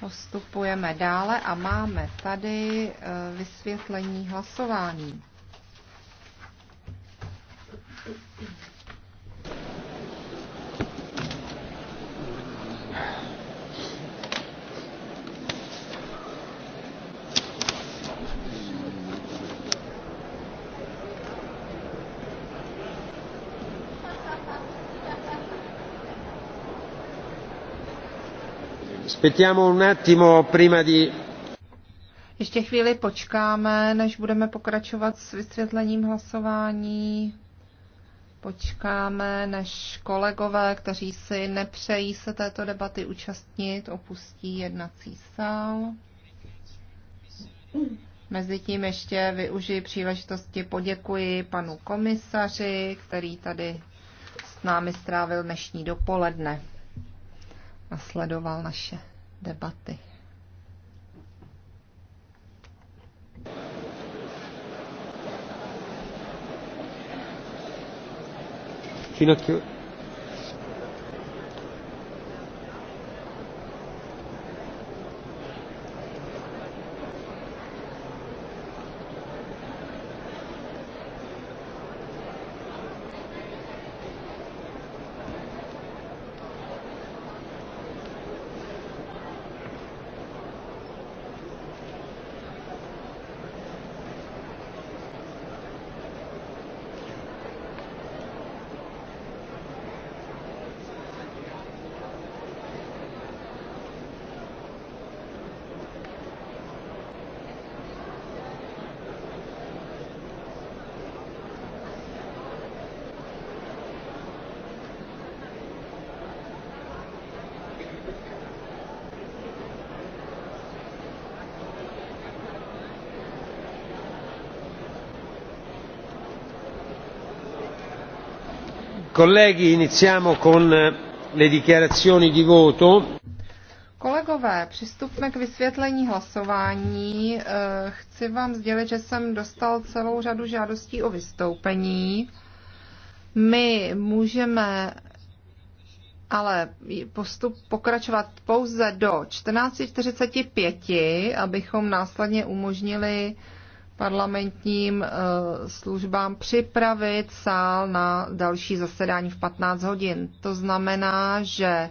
Postupujeme dále a máme tady eh, vysvětlení hlasování. Ještě chvíli počkáme, než budeme pokračovat s vysvětlením hlasování. Počkáme, než kolegové, kteří si nepřejí se této debaty účastnit, opustí jednací sál. Mezitím ještě využiji příležitosti poděkuji panu komisaři, který tady s námi strávil dnešní dopoledne a sledoval naše debaty. Pinocchio Eh, Kolegové, přistupme k vysvětlení hlasování. Eh, chci vám sdělit, že jsem dostal celou řadu žádostí o vystoupení. My můžeme ale postup pokračovat pouze do 14.45, abychom následně umožnili parlamentním eh, službám připravit sál na další zasedání v 15 hodin. To znamená, že eh,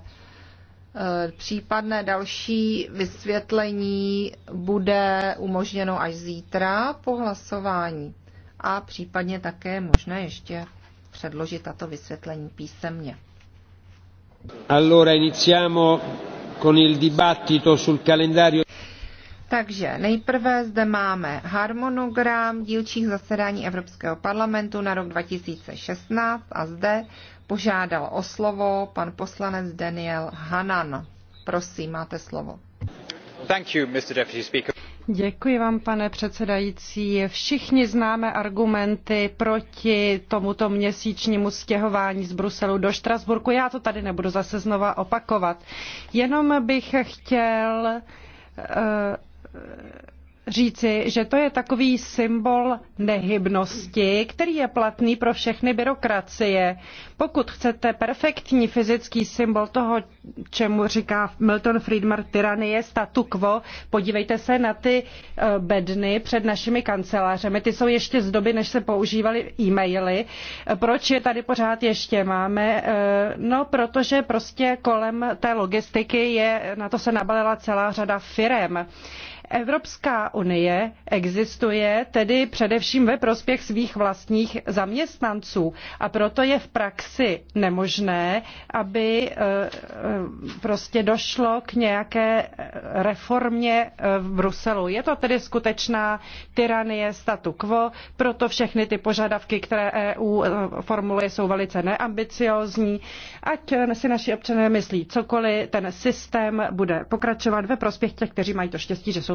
případné další vysvětlení bude umožněno až zítra po hlasování a případně také možné ještě předložit tato vysvětlení písemně. Allora iniziamo con il dibattito sul calendario takže nejprve zde máme harmonogram dílčích zasedání Evropského parlamentu na rok 2016 a zde požádal o slovo pan poslanec Daniel Hanan. Prosím, máte slovo. Thank you, Mr. Deputy Speaker. Děkuji vám, pane předsedající. Všichni známe argumenty proti tomuto měsíčnímu stěhování z Bruselu do Štrasburku. Já to tady nebudu zase znova opakovat. Jenom bych chtěl uh, říci, že to je takový symbol nehybnosti, který je platný pro všechny byrokracie. Pokud chcete perfektní fyzický symbol toho, čemu říká Milton Friedman tyranie statu quo, podívejte se na ty eh, bedny před našimi kancelářemi. Ty jsou ještě z doby, než se používaly e-maily. Eh, proč je tady pořád ještě máme? Eh, no, protože prostě kolem té logistiky je, na to se nabalila celá řada firem. Evropská unie existuje tedy především ve prospěch svých vlastních zaměstnanců a proto je v praxi nemožné, aby e, e, prostě došlo k nějaké reformě e, v Bruselu. Je to tedy skutečná tyranie statu quo, proto všechny ty požadavky, které EU formuluje, jsou velice neambiciozní. Ať si naši občané myslí cokoliv, ten systém bude pokračovat ve prospěch těch, kteří mají to štěstí, že jsou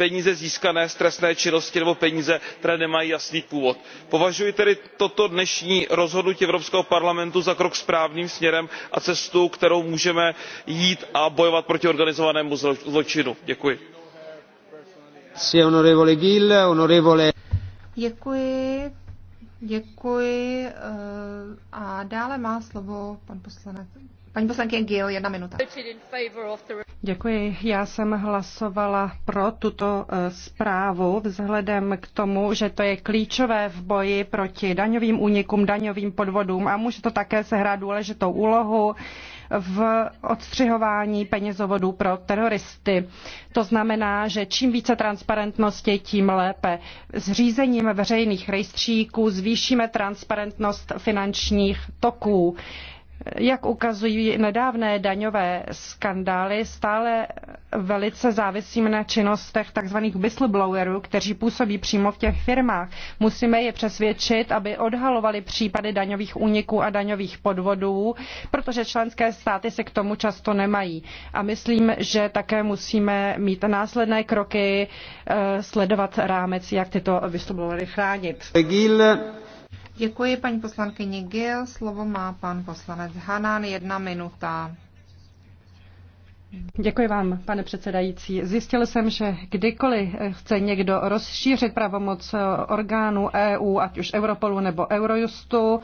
peníze získané z trestné činnosti nebo peníze které nemají jasný původ. považuji tedy toto dnešní rozhodnutí evropského parlamentu za krok správným směrem a cestu kterou můžeme jít a bojovat proti organizovanému zločinu. děkuji. Děkuji. Děkuji. Eh, a dále má slovo pan poslanec Paní poslankyně Gil, jedna minuta. Děkuji. Já jsem hlasovala pro tuto e, zprávu vzhledem k tomu, že to je klíčové v boji proti daňovým únikům, daňovým podvodům a může to také sehrát důležitou úlohu v odstřihování penězovodů pro teroristy. To znamená, že čím více transparentnosti, tím lépe. Zřízením veřejných rejstříků zvýšíme transparentnost finančních toků jak ukazují nedávné daňové skandály, stále velice závisíme na činnostech tzv. whistleblowerů, kteří působí přímo v těch firmách. Musíme je přesvědčit, aby odhalovali případy daňových úniků a daňových podvodů, protože členské státy se k tomu často nemají. A myslím, že také musíme mít následné kroky, eh, sledovat rámec, jak tyto whistleblowery chránit. Děkuji paní poslankyni Gil. Slovo má pan poslanec Hanan. Jedna minuta. Děkuji vám, pane předsedající. Zjistil jsem, že kdykoliv chce někdo rozšířit pravomoc orgánů EU, ať už Europolu nebo Eurojustu,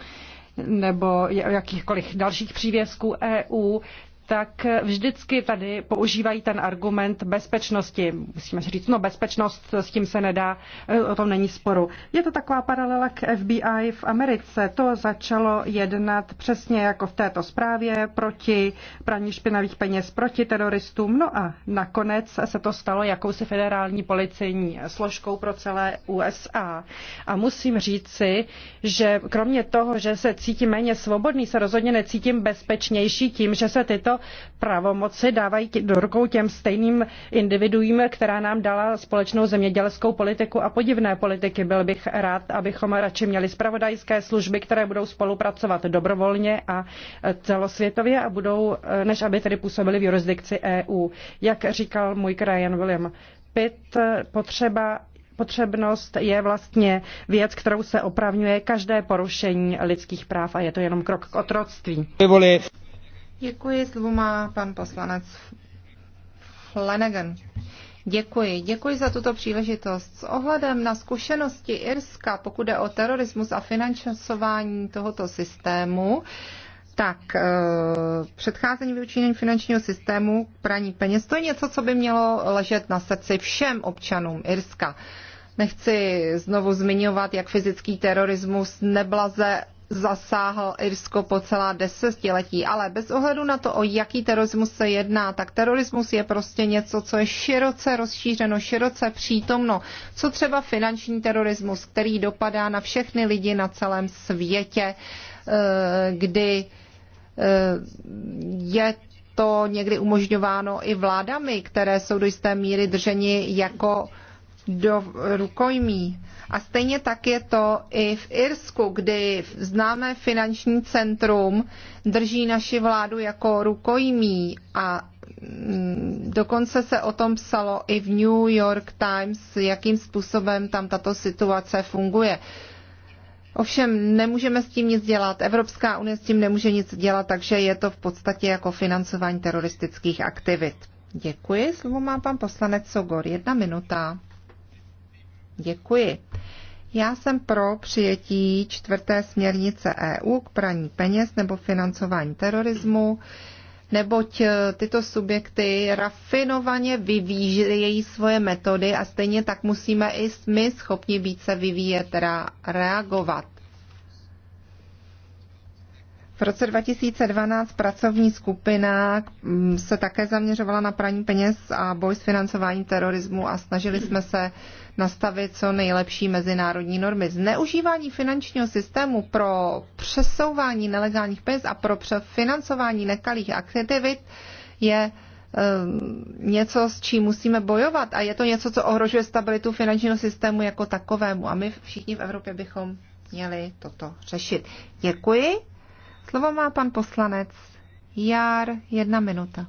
nebo jakýchkoliv dalších přívězků EU, tak vždycky tady používají ten argument bezpečnosti. Musíme říct, no bezpečnost, s tím se nedá, eh, o tom není sporu. Je to taková paralela k FBI v Americe. To začalo jednat přesně jako v této zprávě proti praní špinavých peněz, proti teroristům. No a nakonec se to stalo jakousi federální policejní složkou pro celé USA. A musím říci, že kromě toho, že se cítím méně svobodný, se rozhodně necítím bezpečnější tím, že se tyto pravomoci dávají do rukou těm stejným individuím, která nám dala společnou zemědělskou politiku a podivné politiky. Byl bych rád, abychom radši měli spravodajské služby, které budou spolupracovat dobrovolně a e, celosvětově a budou, e, než aby tedy působili v jurisdikci EU. Jak říkal můj Jan William Pitt, e, potřeba potřebnost je vlastně věc, kterou se opravňuje každé porušení lidských práv a je to jenom krok k otroctví. Děkuji, slovo má pan poslanec Flanagan. Děkuji. Děkuji za tuto příležitost. S ohledem na zkušenosti Irska, pokud jde o terorismus a financování tohoto systému, tak eh, předcházení vyučení finančního systému praní peněz, to je něco, co by mělo ležet na srdci všem občanům Irska. Nechci znovu zmiňovat, jak fyzický terorismus neblaze zasáhl Irsko po celá desetiletí. Ale bez ohledu na to, o jaký terorismus se jedná, tak terorismus je prostě něco, co je široce rozšířeno, široce přítomno. Co třeba finanční terorismus, který dopadá na všechny lidi na celém světě, eh, kdy eh, je to někdy umožňováno i vládami, které jsou do jisté míry drženi jako do rukojmí. A stejně tak je to i v Irsku, kdy známé finanční centrum drží naši vládu jako rukojmí a mm, dokonce se o tom psalo i v New York Times, jakým způsobem tam tato situace funguje. Ovšem nemůžeme s tím nic dělat, Evropská unie s tím nemůže nic dělat, takže je to v podstatě jako financování teroristických aktivit. Děkuji, slovo má pan poslanec Sogor. Jedna minuta. Děkuji. Já jsem pro přijetí čtvrté směrnice EU k praní peněz nebo financování terorismu, neboť eh, tyto subjekty rafinovaně vyvíjí svoje metody a stejně tak musíme i my schopni se vyvíjet a reagovat. V roce 2012 pracovní skupina mm, se také zaměřovala na praní peněz a boj s financováním terorismu a snažili jsme se nastavit co nejlepší mezinárodní normy. Zneužívání finančního systému pro přesouvání nelegálních peněz a pro financování nekalých aktivit je ehm, něco, s čím musíme bojovat a je to něco, co ohrožuje stabilitu finančního systému jako takovému a my všichni v Evropě bychom měli toto řešit. Děkuji. Slovo má pan poslanec Jár, jedna minuta.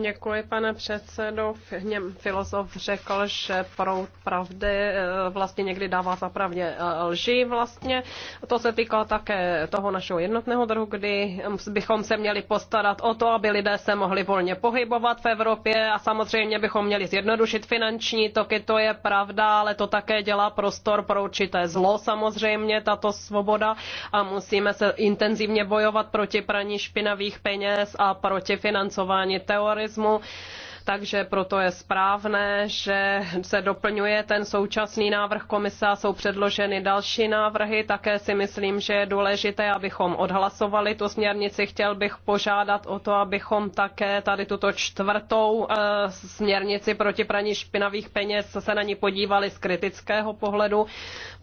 Děkuji, pane předsedo. Něm filozof řekl, že proud pravdy eh, vlastně někdy dává zapravdě eh, lži vlastně. To se týká také toho našeho jednotného druhu, kdy bychom se měli postarat o to, aby lidé se mohli volně pohybovat v Evropě a samozřejmě bychom měli zjednodušit finanční toky, to je pravda, ale to také dělá prostor pro určité zlo samozřejmě, tato svoboda a musíme se intenzivně bojovat proti praní špinavých peněz USA proti financování terorismu takže proto je správné, že se doplňuje ten současný návrh komise a jsou předloženy další návrhy. Také si myslím, že je důležité, abychom odhlasovali tu směrnici. Chtěl bych požádat o to, abychom také tady tuto čtvrtou eh, směrnici proti praní špinavých peněz se na ní podívali z kritického pohledu,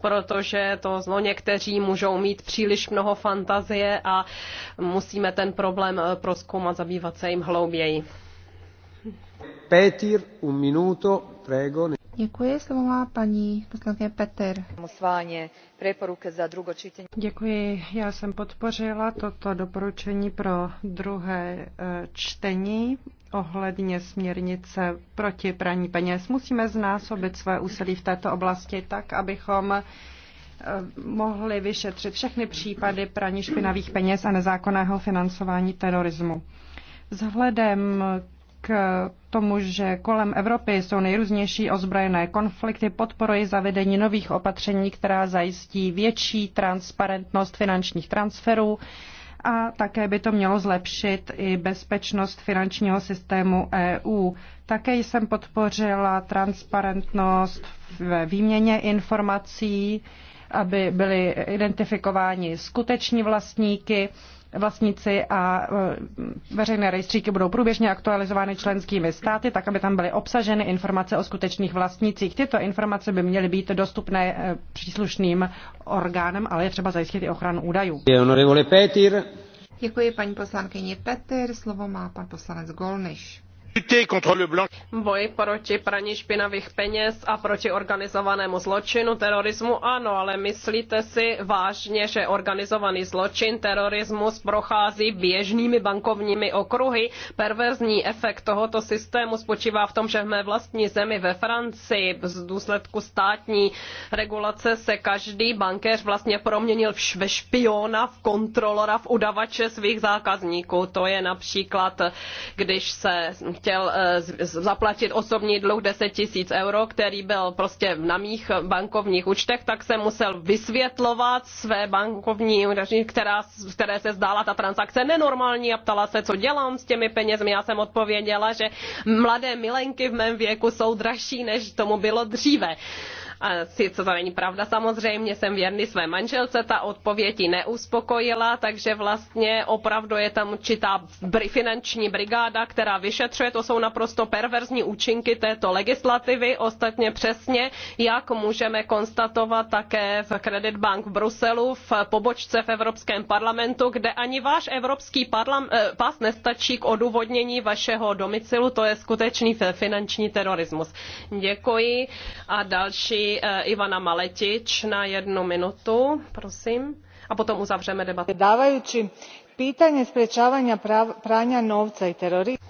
protože to zlo někteří můžou mít příliš mnoho fantazie a musíme ten problém eh, proskoumat, zabývat se jim hlouběji. Petir, un minuto, prego. Děkuji, slovo má paní poslankyně Petr. za čtení. Děkuji, já jsem podpořila toto doporučení pro druhé eh, čtení ohledně směrnice proti praní peněz. Musíme znásobit své úsilí v této oblasti tak, abychom eh, mohli vyšetřit všechny případy praní špinavých peněz a nezákonného financování terorismu. Vzhledem k tomu, že kolem Evropy jsou nejrůznější ozbrojené konflikty, podporuji zavedení nových opatření, která zajistí větší transparentnost finančních transferů a také by to mělo zlepšit i bezpečnost finančního systému EU. Také jsem podpořila transparentnost ve výměně informací, aby byly identifikováni skuteční vlastníky vlastníci a e, veřejné rejstříky budou průběžně aktualizovány členskými státy, tak aby tam byly obsaženy informace o skutečných vlastnících. Tyto informace by měly být dostupné e, příslušným orgánem, ale je třeba zajistit i ochranu údajů. Děkuji paní poslankyni Petir, slovo má pan poslanec Golniš. Boj proti praní špinavých peněz a proti organizovanému zločinu, terorismu, ano, ale myslíte si vážně, že organizovaný zločin, terorismus prochází běžnými bankovními okruhy? Perverzní efekt tohoto systému spočívá v tom, že v mé vlastní zemi ve Francii z důsledku státní regulace se každý bankéř vlastně proměnil ve špiona, v kontrolora, v udavače svých zákazníků. To je například, když se chtěl eh, zaplatit osobní dluh 10 tisíc euro, který byl prostě na mých bankovních účtech, tak jsem musel vysvětlovat své bankovní údaři, která, které se zdála ta transakce nenormální a ptala se, co dělám s těmi penězmi. Já jsem odpověděla, že mladé milenky v mém věku jsou dražší, než tomu bylo dříve. A to není pravda, samozřejmě jsem věrný své manželce, ta odpověď ji neuspokojila, takže vlastně opravdu je tam určitá finanční brigáda, která vyšetřuje, to jsou naprosto perverzní účinky této legislativy, ostatně přesně, jak můžeme konstatovat také v Credit Bank v Bruselu, v pobočce v Evropském parlamentu, kde ani váš evropský parlam, eh, pas nestačí k odůvodnění vašeho domicilu, to je skutečný finanční terorismus. Děkuji a další Eh, Ivana Maletič na jednu minutu, prosím, a potom uzavřeme debatu. Dávající pitanje sprečavanja pranja novca i terorizma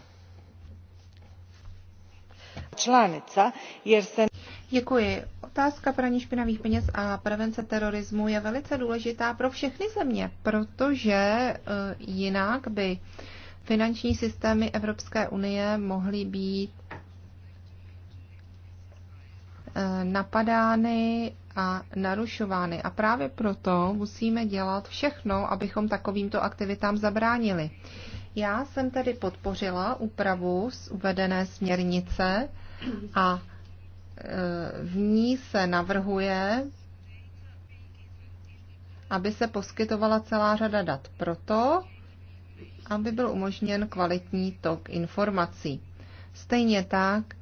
članica jer se Děkuji. Otázka praní špinavých peněz a prevence terorismu je velice důležitá pro všechny země, protože eh, jinak by finanční systémy Evropské unie mohly být Eh, napadány a narušovány. A právě proto musíme dělat všechno, abychom takovýmto aktivitám zabránili. Já jsem tedy podpořila úpravu z uvedené směrnice a eh, v ní se navrhuje, aby se poskytovala celá řada dat proto, aby byl umožněn kvalitní tok informací. Stejně tak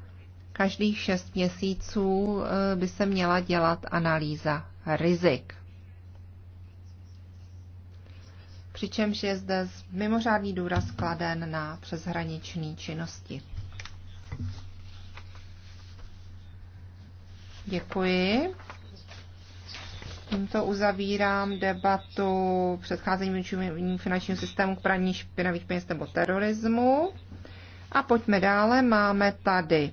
Každých šest měsíců eh, by se měla dělat analýza rizik. Přičemž je zde mimořádný důraz kladen na přeshraniční činnosti. Děkuji. Tímto uzavírám debatu předcházení finančního systému k praní špinavých peněz nebo terorismu. A pojďme dále. Máme tady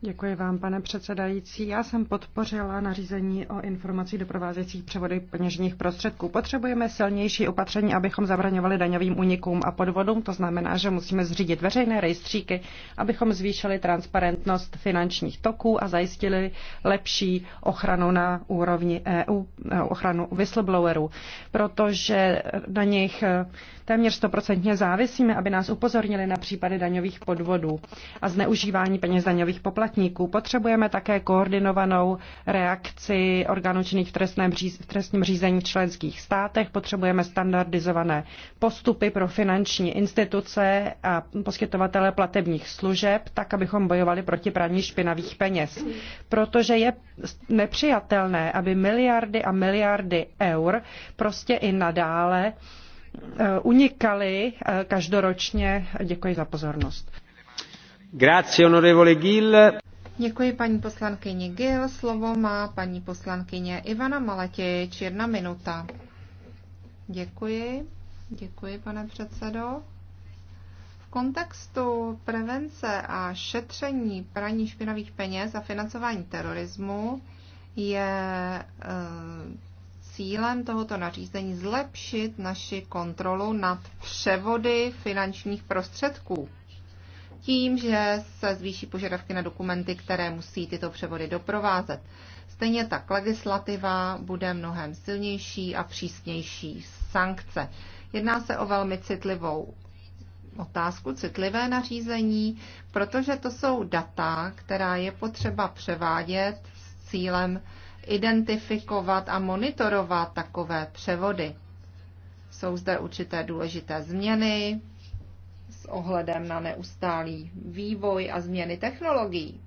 Děkuji vám, pane předsedající. Já jsem podpořila nařízení o informací doprovázejících převody peněžních prostředků. Potřebujeme silnější opatření, abychom zabraňovali daňovým unikům a podvodům. To znamená, že musíme zřídit veřejné rejstříky, abychom zvýšili transparentnost finančních toků a zajistili lepší ochranu na úrovni EU, eh, ochranu whistleblowerů, protože na nich eh, téměř stoprocentně závisíme, aby nás upozornili na případy daňových podvodů a zneužívání peněz daňových poplatníků. Potřebujeme také koordinovanou reakci orgánů činných v, v trestním řízení v členských státech. Potřebujeme standardizované postupy pro finanční instituce a poskytovatele platebních služeb, tak, abychom bojovali proti praní špinavých peněz. Protože je nepřijatelné, aby miliardy a miliardy eur prostě i nadále Eh, unikaly eh, každoročně. Děkuji za pozornost. Grazie, onorevole Gil. Děkuji paní poslankyni Gil. Slovo má paní poslankyně Ivana Maletěč. Jedna minuta. Děkuji. Děkuji, pane předsedo. V kontextu prevence a šetření praní špinavých peněz a financování terorismu je eh, cílem tohoto nařízení zlepšit naši kontrolu nad převody finančních prostředků. Tím, že se zvýší požadavky na dokumenty, které musí tyto převody doprovázet. Stejně tak legislativa bude mnohem silnější a přísnější sankce. Jedná se o velmi citlivou otázku, citlivé nařízení, protože to jsou data, která je potřeba převádět s cílem identifikovat a monitorovat takové převody. Jsou zde určité důležité změny s ohledem na neustálý vývoj a změny technologií.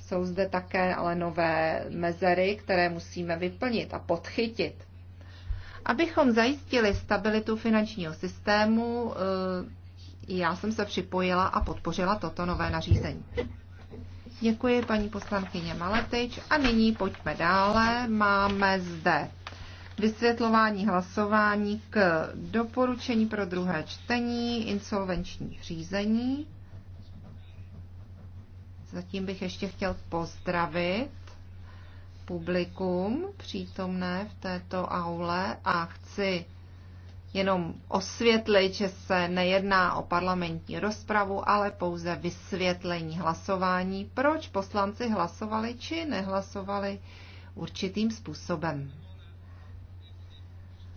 Jsou zde také ale nové mezery, které musíme vyplnit a podchytit. Abychom zajistili stabilitu finančního systému, eh, já jsem se připojila a podpořila toto nové nařízení. Děkuji paní poslankyně Maletič a nyní pojďme dále. Máme zde vysvětlování hlasování k doporučení pro druhé čtení, insolvenční řízení. Zatím bych ještě chtěl pozdravit publikum přítomné v této aule a chci jenom osvětlit, že se nejedná o parlamentní rozpravu, ale pouze vysvětlení hlasování, proč poslanci hlasovali či nehlasovali určitým způsobem.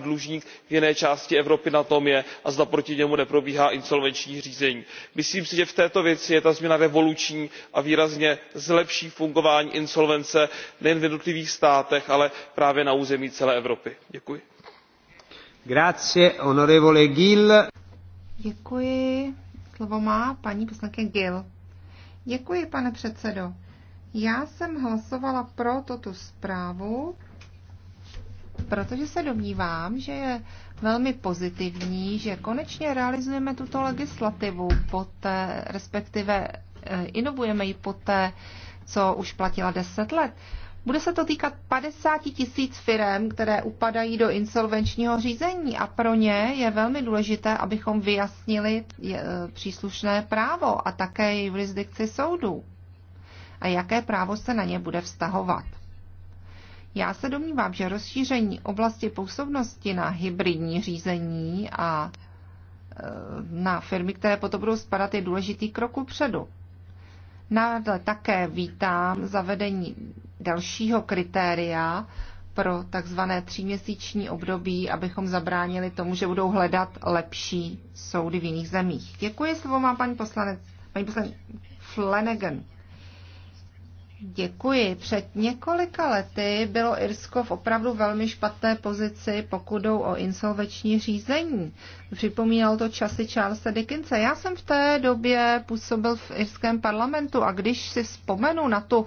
dlužník v jiné části evropy na tom je a zda proti němu neprobíhá insolvenční řízení. myslím si že v této věci je ta změna revoluční a výrazně zlepší fungování insolvence nejen v jednotlivých státech ale právě na území celé evropy. děkuji. Děkuji. Slovo má paní Gill. Děkuji, pane předsedo. Já jsem hlasovala pro tuto zprávu, protože se domnívám, že je velmi pozitivní, že konečně realizujeme tuto legislativu, poté, respektive eh, inovujeme ji poté, co už platila 10 let. Bude se to týkat 50 tisíc firm, které upadají do insolvenčního řízení a pro ně je velmi důležité, abychom vyjasnili eh, příslušné právo a také jurisdikci soudů a jaké právo se na ně bude vztahovat. Já se domnívám, že rozšíření oblasti působnosti na hybridní řízení a e, na firmy, které potom budou spadat, je důležitý krok upředu. Náhle také vítám zavedení dalšího kritéria pro takzvané tříměsíční období, abychom zabránili tomu, že budou hledat lepší soudy v jiných zemích. Děkuji, slovo má paní poslanec, paní poslanec Flanagan. Děkuji. Před několika lety bylo Irsko v opravdu velmi špatné pozici, pokud jdou o insolveční řízení. Připomínal to časy Charlesa Dickinse. Já jsem v té době působil v irském parlamentu a když si vzpomenu na tu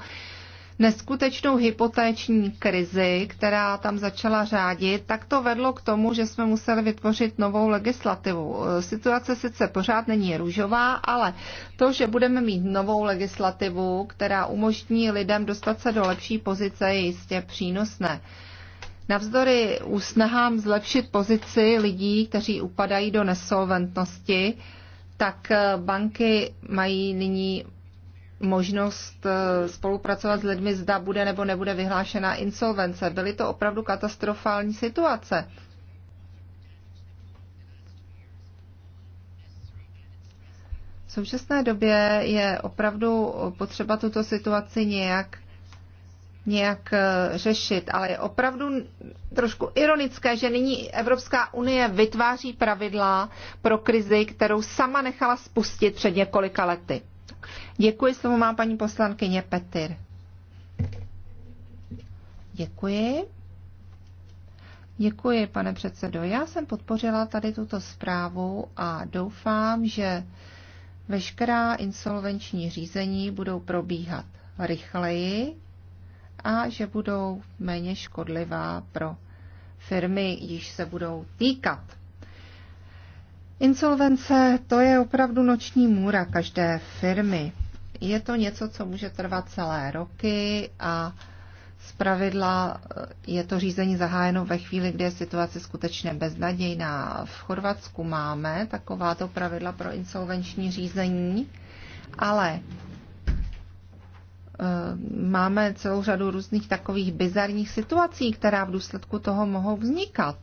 neskutečnou hypotéční krizi, která tam začala řádit, tak to vedlo k tomu, že jsme museli vytvořit novou legislativu. Situace sice pořád není růžová, ale to, že budeme mít novou legislativu, která umožní lidem dostat se do lepší pozice, je jistě přínosné. Navzdory úsnahám zlepšit pozici lidí, kteří upadají do nesolventnosti, tak banky mají nyní možnost eh, spolupracovat s lidmi, zda bude nebo nebude vyhlášená insolvence. Byly to opravdu katastrofální situace. V současné době je opravdu potřeba tuto situaci nějak nějak eh, řešit, ale je opravdu trošku ironické, že nyní Evropská unie vytváří pravidla pro krizi, kterou sama nechala spustit před několika lety. Děkuji, slovo má paní poslankyně Petir. Děkuji. Děkuji, pane předsedo. Já jsem podpořila tady tuto zprávu a doufám, že veškerá insolvenční řízení budou probíhat rychleji a že budou méně škodlivá pro firmy, již se budou týkat. Insolvence to je opravdu noční můra každé firmy. Je to něco, co může trvat celé roky a Zpravidla eh, je to řízení zahájeno ve chvíli, kdy je situace skutečně beznadějná. V Chorvatsku máme takováto pravidla pro insolvenční řízení, ale eh, máme celou řadu různých takových bizarních situací, která v důsledku toho mohou vznikat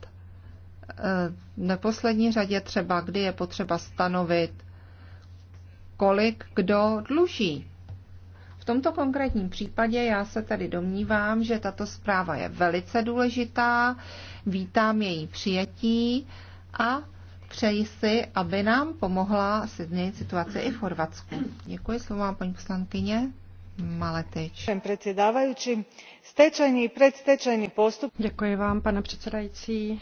v eh, neposlední řadě třeba, kdy je potřeba stanovit, kolik kdo dluží. V tomto konkrétním případě já se tedy domnívám, že tato zpráva je velice důležitá, vítám její přijetí a přeji si, aby nám pomohla si změnit situaci i v Chorvatsku. Děkuji, slovo má paní poslankyně. Maletič. Děkuji vám, pane předsedající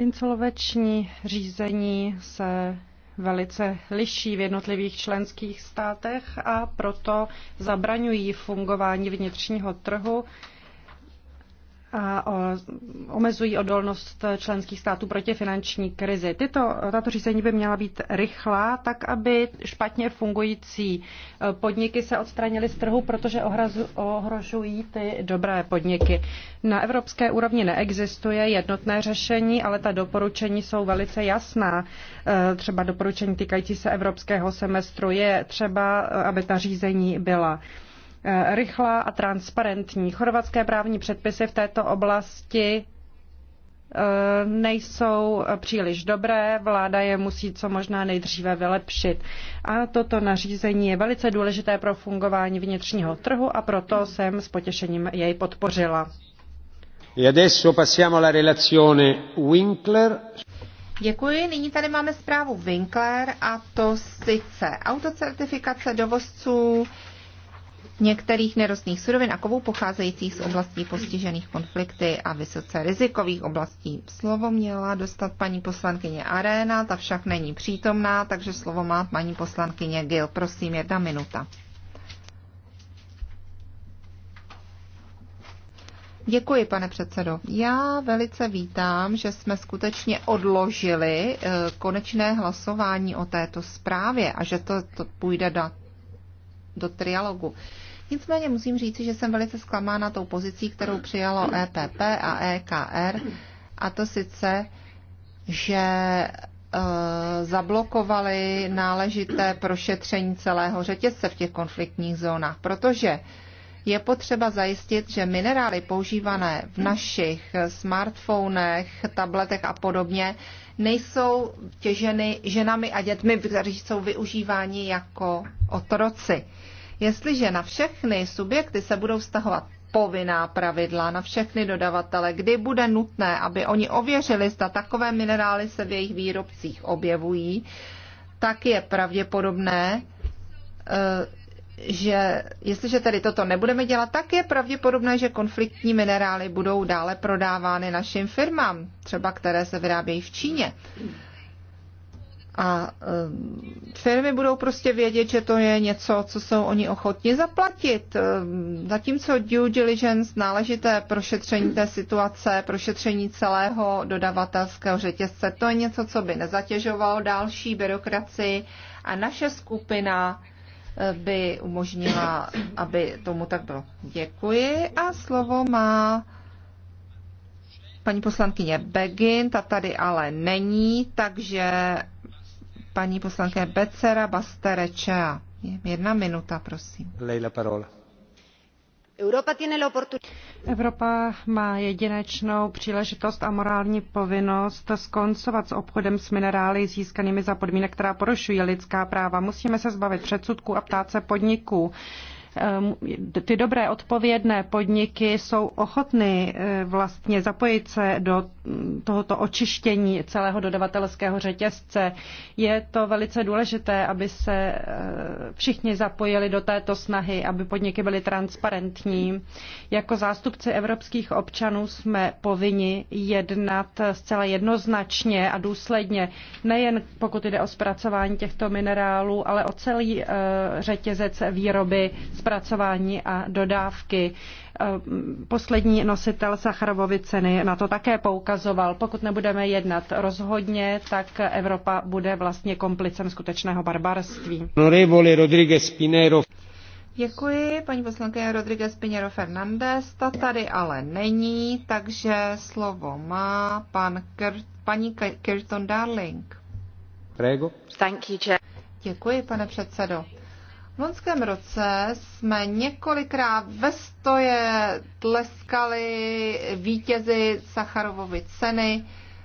Insolveční řízení se velice liší v jednotlivých členských státech a proto zabraňují fungování vnitřního trhu a omezují odolnost členských států proti finanční krizi. Tyto, tato řízení by měla být rychlá, tak aby špatně fungující e, podniky se odstranily z trhu, protože ohrazu, ohrožují ty dobré podniky. Na evropské úrovni neexistuje jednotné řešení, ale ta doporučení jsou velice jasná. E, třeba doporučení týkající se evropského semestru je třeba, e, aby ta řízení byla Eh, rychlá a transparentní. Chorvatské právní předpisy v této oblasti eh, nejsou příliš dobré, vláda je musí co možná nejdříve vylepšit. A toto nařízení je velice důležité pro fungování vnitřního trhu a proto jsem s potěšením jej podpořila. E Děkuji. Nyní tady máme zprávu Winkler a to sice autocertifikace dovozců některých nerostných surovin a kovů pocházejících z oblastí postižených konflikty a vysoce rizikových oblastí. Slovo měla dostat paní poslankyně Arena, ta však není přítomná, takže slovo má paní poslankyně Gil. Prosím, jedna minuta. Děkuji, pane předsedo. Já velice vítám, že jsme skutečně odložili eh, konečné hlasování o této zprávě a že to, to půjde do, do trialogu. Nicméně musím říci, že jsem velice zklamána tou pozicí, kterou přijalo EPP a EKR, a to sice, že eh, zablokovali náležité prošetření celého řetězce v těch konfliktních zónách, protože je potřeba zajistit, že minerály používané v našich smartfonech, tabletech a podobně nejsou těženy ženami a dětmi, kteří jsou využíváni jako otroci. Jestliže na všechny subjekty se budou vztahovat povinná pravidla na všechny dodavatele, kdy bude nutné, aby oni ověřili, zda takové minerály se v jejich výrobcích objevují, tak je pravděpodobné, eh, že jestliže tedy toto nebudeme dělat, tak je pravděpodobné, že konfliktní minerály budou dále prodávány našim firmám, třeba které se vyrábějí v Číně. A firmy budou prostě vědět, že to je něco, co jsou oni ochotni zaplatit. Zatímco due diligence, náležité prošetření té situace, prošetření celého dodavatelského řetězce, to je něco, co by nezatěžovalo další byrokracii a naše skupina eh, by umožnila, aby tomu tak bylo. Děkuji a slovo má paní poslankyně Begin, ta tady ale není, takže paní poslankyně Becera Basterečea. Jedna minuta, prosím. la Parola. Evropa má jedinečnou příležitost a morální povinnost skoncovat s obchodem s minerály získanými za podmínek, která porušují lidská práva. Musíme se zbavit předsudků a ptát se podniků Ehm, ty dobré odpovědné podniky jsou ochotny eh, vlastně zapojit se do mm, tohoto očištění celého dodavatelského řetězce. Je to velice důležité, aby se eh, všichni zapojili do této snahy, aby podniky byly transparentní. Jako zástupci evropských občanů jsme povinni jednat eh, zcela jednoznačně a důsledně, nejen pokud jde o zpracování těchto minerálů, ale o celý řetězec výroby zpracování a dodávky. Ehm, poslední nositel Sacharovovy ceny na to také poukazoval. Pokud nebudeme jednat rozhodně, tak Evropa bude vlastně komplicem skutečného barbarství. Děkuji, paní poslankyně Rodriguez Pinheiro Fernández. Ta tady ale není, takže slovo má pan Kurt, paní Kirton Darling. Prego. Thank you, Děkuji, pane předsedo. V loňském roce jsme několikrát ve stoje tleskali vítězi Sacharovovy ceny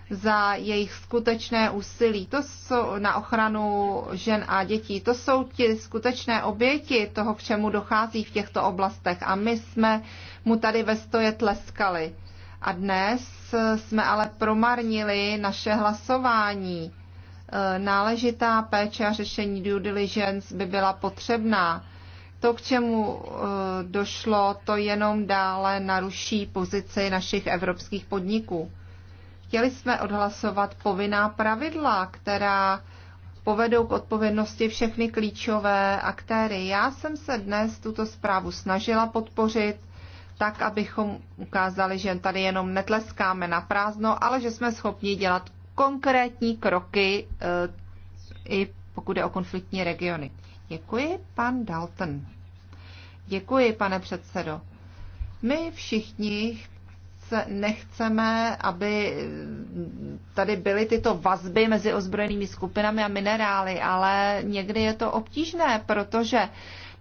za jejich skutečné úsilí. To jsou na ochranu žen a dětí. To jsou ti skutečné oběti toho, k čemu dochází v těchto oblastech. A my jsme mu tady ve stoje tleskali. A dnes jsme ale promarnili naše hlasování. Eh, náležitá péče a řešení due diligence by byla potřebná. To, k čemu eh, došlo, to jenom dále naruší pozici našich evropských podniků. Chtěli jsme odhlasovat povinná pravidla, která povedou k odpovědnosti všechny klíčové aktéry. Já jsem se dnes tuto zprávu snažila podpořit, tak, abychom ukázali, že tady jenom netleskáme na prázdno, ale že jsme schopni dělat konkrétní kroky eh, i pokud je o konfliktní regiony. Děkuji, pan Dalton. Děkuji, pane předsedo. My všichni se nechceme, aby eh, tady byly tyto vazby mezi ozbrojenými skupinami a minerály, ale někdy je to obtížné, protože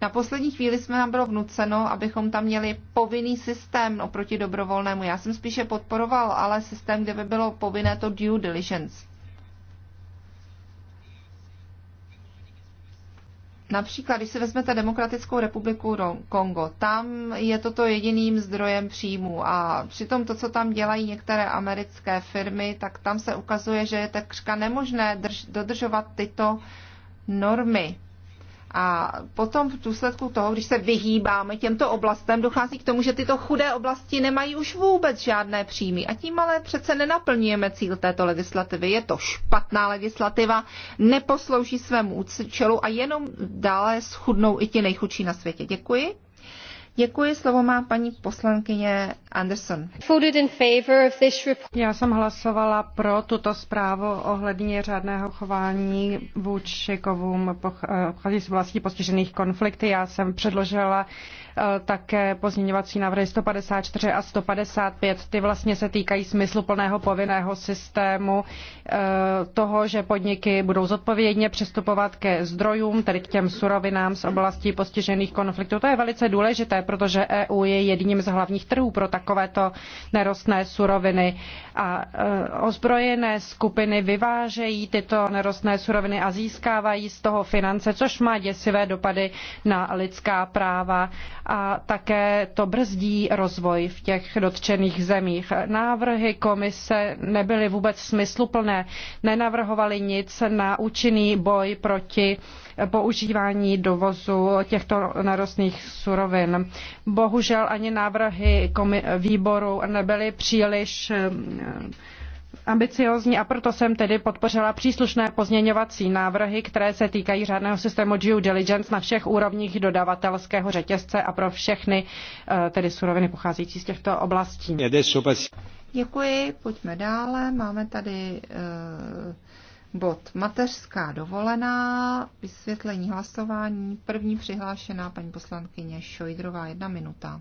na poslední chvíli jsme nám bylo vnuceno, abychom tam měli povinný systém oproti dobrovolnému. Já jsem spíše podporoval, ale systém, kde by bylo povinné to due diligence. Například, když si vezmete Demokratickou republiku Kongo, tam je toto jediným zdrojem příjmu a přitom to, co tam dělají některé americké firmy, tak tam se ukazuje, že je takřka nemožné drž- dodržovat tyto normy. A potom v důsledku toho, když se vyhýbáme těmto oblastem, dochází k tomu, že tyto chudé oblasti nemají už vůbec žádné příjmy. A tím ale přece nenaplňujeme cíl této legislativy. Je to špatná legislativa, neposlouží svému účelu a jenom dále schudnou i ti nejchudší na světě. Děkuji. Děkuji, slovo má paní poslankyně Anderson. Já jsem hlasovala pro tuto zprávu ohledně řádného chování vůči kovům pochází eh, z vlastí postižených konflikty. Já jsem předložila eh, také pozměňovací návrhy 154 a 155. Ty vlastně se týkají smyslu plného povinného systému eh, toho, že podniky budou zodpovědně přistupovat ke zdrojům, tedy k těm surovinám z oblastí postižených konfliktů. To je velice důležité, protože EU je jedním z hlavních trhů pro tak takovéto nerostné suroviny. A e, ozbrojené skupiny vyvážejí tyto nerostné suroviny a získávají z toho finance, což má děsivé dopady na lidská práva a také to brzdí rozvoj v těch dotčených zemích. Návrhy komise nebyly vůbec smysluplné, nenavrhovaly nic na účinný boj proti používání dovozu těchto narostných surovin. Bohužel ani návrhy výboru nebyly příliš eh, ambiciozní a proto jsem tedy podpořila příslušné pozměňovací návrhy, které se týkají řádného systému due diligence na všech úrovních dodavatelského řetězce a pro všechny eh, tedy suroviny pocházející z těchto oblastí. Děkuji, pojďme dále. Máme tady uh, Bod mateřská dovolená, vysvětlení hlasování, první přihlášená paní poslankyně Šojdrová, jedna minuta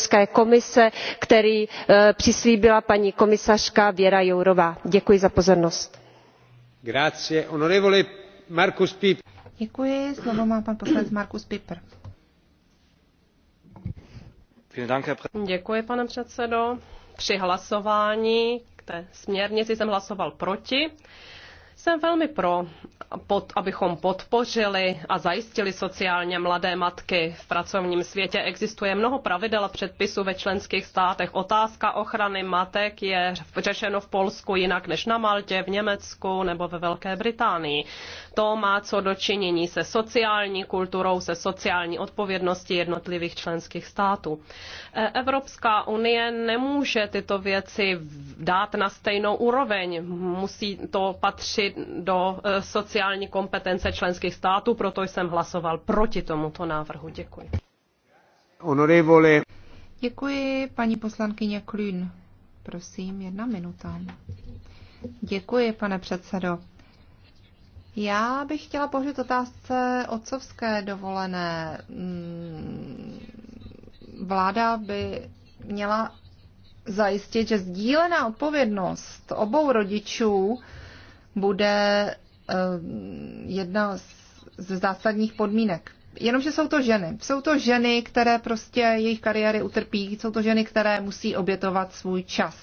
evropské komise který eh, přislíbila paní komisařka věra jourová. děkuji za pozornost. Děkuji, pan Markus Děkuji, pane předsedo. Při hlasování k té směrnici jsem hlasoval proti jsem velmi pro, pod, abychom podpořili a zajistili sociálně mladé matky. V pracovním světě existuje mnoho pravidel a předpisů ve členských státech. Otázka ochrany matek je řešeno v Polsku jinak než na Maltě, v Německu nebo ve Velké Británii. To má co dočinění se sociální kulturou, se sociální odpovědností jednotlivých členských států. E, Evropská unie nemůže tyto věci dát na stejnou úroveň. Musí to patřit do eh, sociální kompetence členských států, proto jsem hlasoval proti tomuto návrhu. Děkuji. Honorevole. Děkuji, paní poslankyně Klün. Prosím, jedna minuta. Děkuji, pane předsedo. Já bych chtěla pohřit otázce otcovské dovolené. Mm, vláda by měla zajistit, že sdílená odpovědnost obou rodičů bude eh, jedna z zásadních podmínek. Jenomže jsou to ženy. Jsou to ženy, které prostě jejich kariéry utrpí, jsou to ženy, které musí obětovat svůj čas.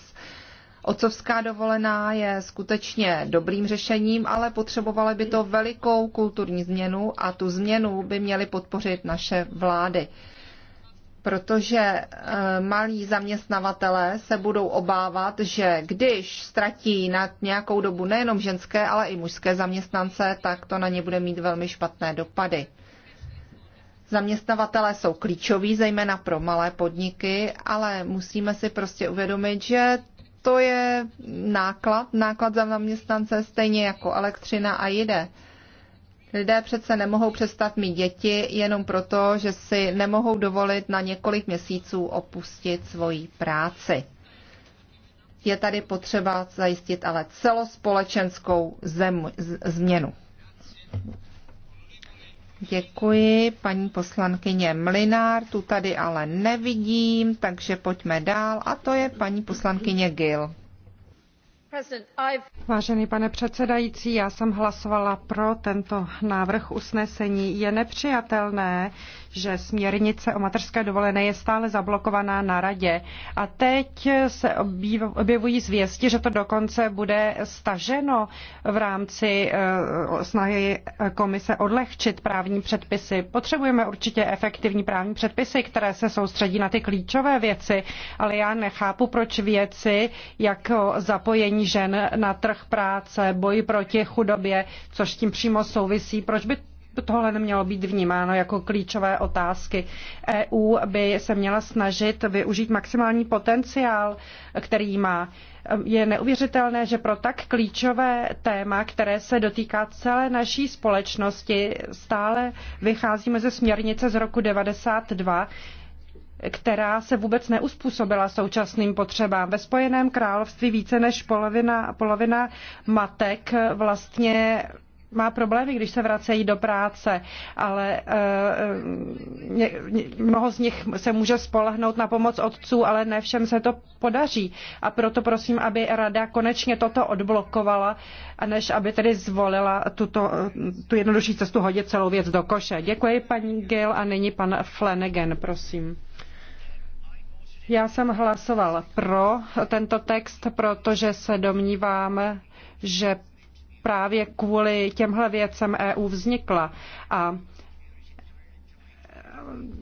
Otcovská dovolená je skutečně dobrým řešením, ale potřebovaly by to velikou kulturní změnu a tu změnu by měly podpořit naše vlády protože eh, malí zaměstnavatelé se budou obávat, že když ztratí na nějakou dobu nejenom ženské, ale i mužské zaměstnance, tak to na ně bude mít velmi špatné dopady. Zaměstnavatelé jsou klíčoví, zejména pro malé podniky, ale musíme si prostě uvědomit, že to je náklad, náklad za zaměstnance stejně jako elektřina a jde. Lidé přece nemohou přestat mít děti jenom proto, že si nemohou dovolit na několik měsíců opustit svoji práci. Je tady potřeba zajistit ale celospolečenskou zem, z, změnu. Děkuji, paní poslankyně Mlinár, tu tady ale nevidím, takže pojďme dál a to je paní poslankyně Gil. Vážený pane předsedající, já jsem hlasovala pro tento návrh usnesení. Je nepřijatelné, že směrnice o mateřské dovolené je stále zablokovaná na radě. A teď se objevují zvěsti, že to dokonce bude staženo v rámci eh, snahy komise odlehčit právní předpisy. Potřebujeme určitě efektivní právní předpisy, které se soustředí na ty klíčové věci, ale já nechápu, proč věci jako zapojení žen na trh práce, boj proti chudobě, což tím přímo souvisí, proč by tohle nemělo být vnímáno jako klíčové otázky. EU by se měla snažit využít maximální potenciál, který má. Je neuvěřitelné, že pro tak klíčové téma, které se dotýká celé naší společnosti, stále vycházíme ze směrnice z roku 92, která se vůbec neuspůsobila současným potřebám. Ve Spojeném království více než polovina, polovina matek vlastně má problémy, když se vracejí do práce, ale e, mnoho z nich se může spolehnout na pomoc otců, ale ne všem se to podaří. A proto prosím, aby rada konečně toto odblokovala, a než aby tedy zvolila tuto, tu jednodušší cestu hodit celou věc do koše. Děkuji paní Gil, a nyní pan Flanagan, prosím. Já jsem hlasoval pro tento text, protože se domnívám, že právě kvůli těmhle věcem EU vznikla. A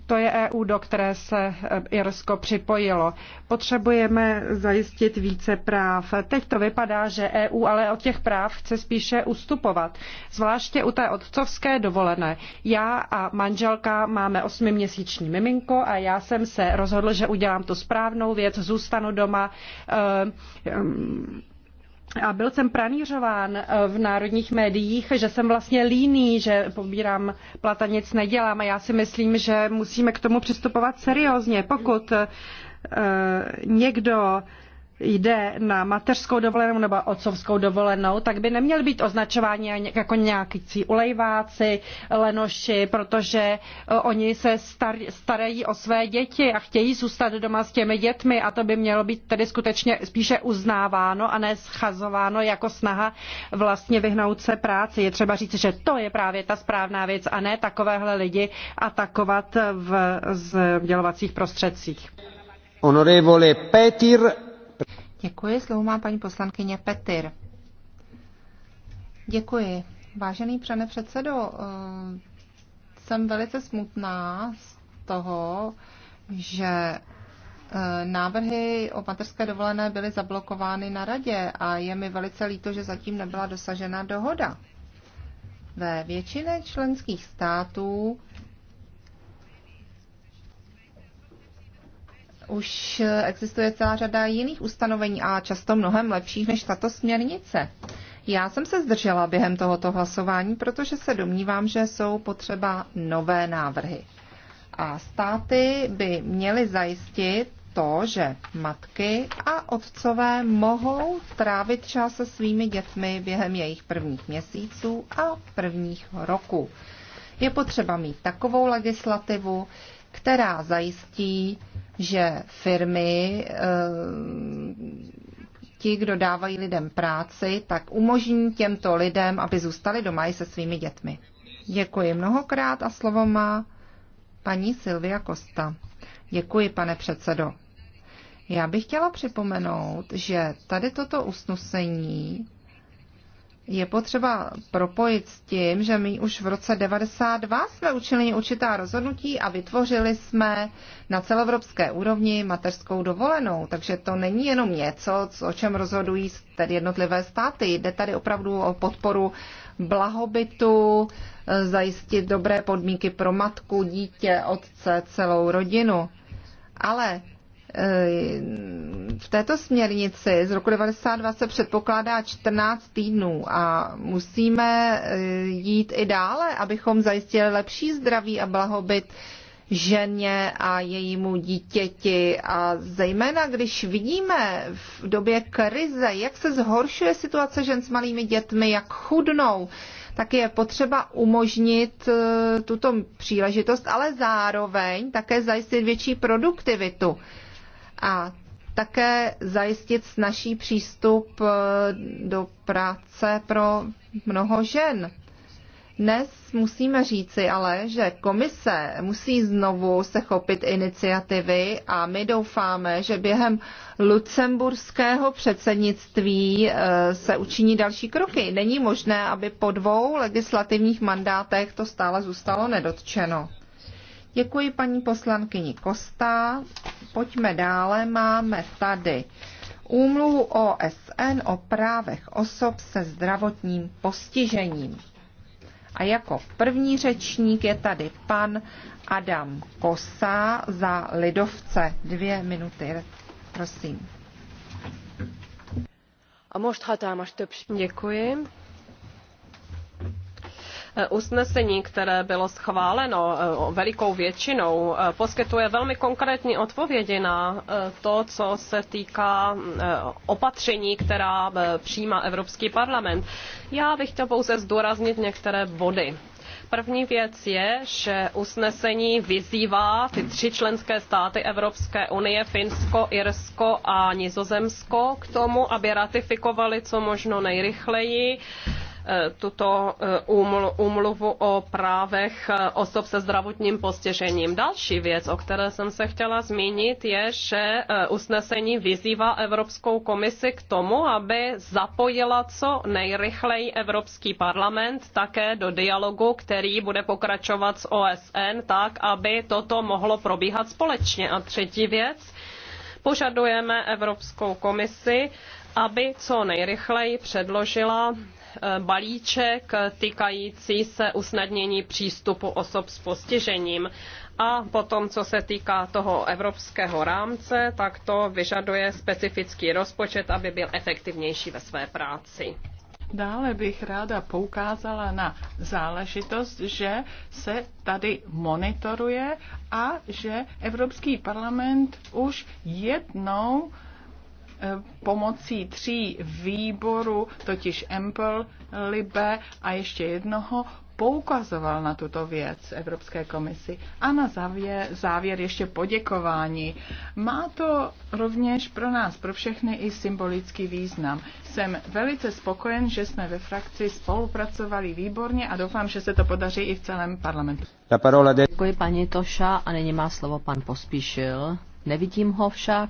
to je EU, do které se Irsko připojilo. Potřebujeme zajistit více práv. Teď to vypadá, že EU ale od těch práv chce spíše ustupovat. Zvláště u té otcovské dovolené. Já a manželka máme osmiměsíční miminko a já jsem se rozhodl, že udělám tu správnou věc, zůstanu doma. Eh, a byl jsem pranířován eh, v národních médiích, že jsem vlastně líný, že pobírám plat a nic nedělám a já si myslím, že musíme k tomu přistupovat seriózně. Pokud eh, někdo jde na mateřskou dovolenou nebo otcovskou dovolenou, tak by neměli být označováni jako nějakí ulejváci, lenoši, protože eh, oni se starají o své děti a chtějí zůstat doma s těmi dětmi a to by mělo být tedy skutečně spíše uznáváno a ne schazováno jako snaha vlastně vyhnout se práci. Je třeba říct, že to je právě ta správná věc a ne takovéhle lidi atakovat v dělovacích prostředcích. Honorevole Petir Děkuji, slovo má paní poslankyně Petir. Děkuji. Vážený pane předsedo, eh, jsem velice smutná z toho, že eh, návrhy o materské dovolené byly zablokovány na radě a je mi velice líto, že zatím nebyla dosažena dohoda. Ve většině členských států už existuje celá řada jiných ustanovení a často mnohem lepších než tato směrnice. Já jsem se zdržela během tohoto hlasování, protože se domnívám, že jsou potřeba nové návrhy. A státy by měly zajistit to, že matky a otcové mohou trávit čas se svými dětmi během jejich prvních měsíců a prvních roku. Je potřeba mít takovou legislativu, která zajistí že firmy, eh, ti, kdo dávají lidem práci, tak umožní těmto lidem, aby zůstali doma i se svými dětmi. Děkuji mnohokrát a slovo má paní Silvia Kosta. Děkuji, pane předsedo. Já bych chtěla připomenout, že tady toto usnesení je potřeba propojit s tím, že my už v roce 92 jsme učili určitá rozhodnutí a vytvořili jsme na celoevropské úrovni mateřskou dovolenou. Takže to není jenom něco, o čem rozhodují tedy jednotlivé státy. Jde tady opravdu o podporu blahobytu, zajistit dobré podmínky pro matku, dítě, otce, celou rodinu. Ale Eh, v této směrnici z roku 92 se předpokládá 14 týdnů a musíme eh, jít i dále, abychom zajistili lepší zdraví a blahobyt ženě a jejímu dítěti. A zejména, když vidíme v době krize, jak se zhoršuje situace žen s malými dětmi, jak chudnou, tak je potřeba umožnit eh, tuto příležitost, ale zároveň také zajistit větší produktivitu a také zajistit snažší přístup eh, do práce pro mnoho žen. Dnes musíme říci ale, že komise musí znovu se chopit iniciativy a my doufáme, že během lucemburského předsednictví eh, se učiní další kroky. Není možné, aby po dvou legislativních mandátech to stále zůstalo nedotčeno. Děkuji paní poslankyni Kostá. Pojďme dále. Máme tady úmluvu OSN o právech osob se zdravotním postižením. A jako první řečník je tady pan Adam Kosa za Lidovce. Dvě minuty, prosím. A Děkuji usnesení, které bylo schváleno eh, velikou většinou, eh, poskytuje velmi konkrétní odpovědi na eh, to, co se týká opatření, která přijímá Evropský parlament. Já bych chtěl pouze zdůraznit některé body. První věc je, že usnesení vyzývá ty tři členské státy Evropské unie, Finsko, Irsko a Nizozemsko, k tomu, aby ratifikovali co možno nejrychleji uh, Eh, tuto eh, úmluvu o právech eh, osob se zdravotním postižením. Další věc, o které jsem se chtěla zmínit, je, že usnesení vyzývá Evropskou komisi k tomu, aby zapojila co nejrychleji Evropský parlament také do dialogu, který bude pokračovat s OSN, tak, aby toto mohlo probíhat společně. A třetí věc, požadujeme Evropskou komisi, aby co nejrychleji předložila balíček týkající se usnadnění přístupu osob s postižením. A potom, co se týká toho evropského rámce, tak to vyžaduje specifický rozpočet, aby byl efektivnější ve své práci. Dále bych ráda poukázala na záležitost, že se tady monitoruje a že Evropský parlament už jednou Eh, pomocí tří výborů, totiž Empel, Libe a ještě jednoho, poukazoval na tuto věc Evropské komisi a na závěr, závěr ještě poděkování. Má to rovněž pro nás, pro všechny i symbolický význam. Jsem velice spokojen, že jsme ve frakci spolupracovali výborně a doufám, že se to podaří i v celém parlamentu. Děkuji paní Toša a nyní má slovo pan Pospíšil. Nevidím ho však.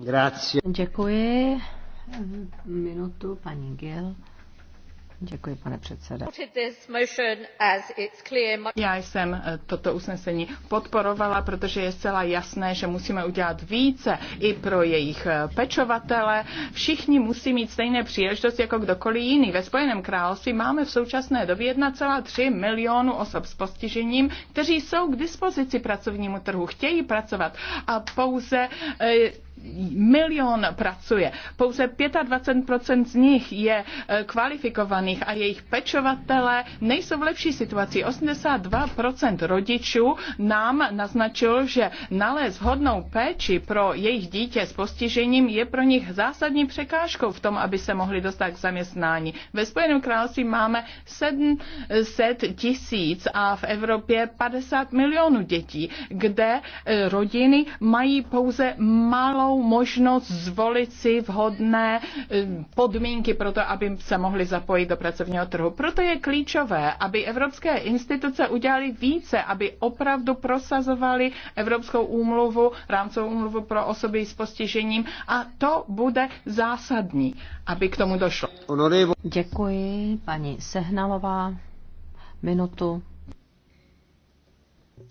Grazie. Děkuji. Minutu, paní Gil. Děkuji, pane předseda. Já jsem eh, toto usnesení podporovala, protože je zcela jasné, že musíme udělat více i pro jejich eh, pečovatele. Všichni musí mít stejné příležitosti jako kdokoliv jiný. Ve Spojeném království máme v současné době 1,3 milionu osob s postižením, kteří jsou k dispozici pracovnímu trhu, chtějí pracovat a pouze eh, milion pracuje. Pouze 25% z nich je eh, kvalifikovaných a jejich pečovatelé nejsou v lepší situaci. 82% rodičů nám naznačilo, že nalézt hodnou péči pro jejich dítě s postižením je pro nich zásadní překážkou v tom, aby se mohli dostat k zaměstnání. Ve Spojeném království máme 700 tisíc a v Evropě 50 milionů dětí, kde eh, rodiny mají pouze malo mají možnost zvolit si vhodné eh, podmínky pro to, aby se mohli zapojit do pracovního trhu. Proto je klíčové, aby evropské instituce udělali více, aby opravdu prosazovali Evropskou úmluvu, rámcovou úmluvu pro osoby s postižením a to bude zásadní, aby k tomu došlo. Děkuji, paní Sehnalová. Minutu.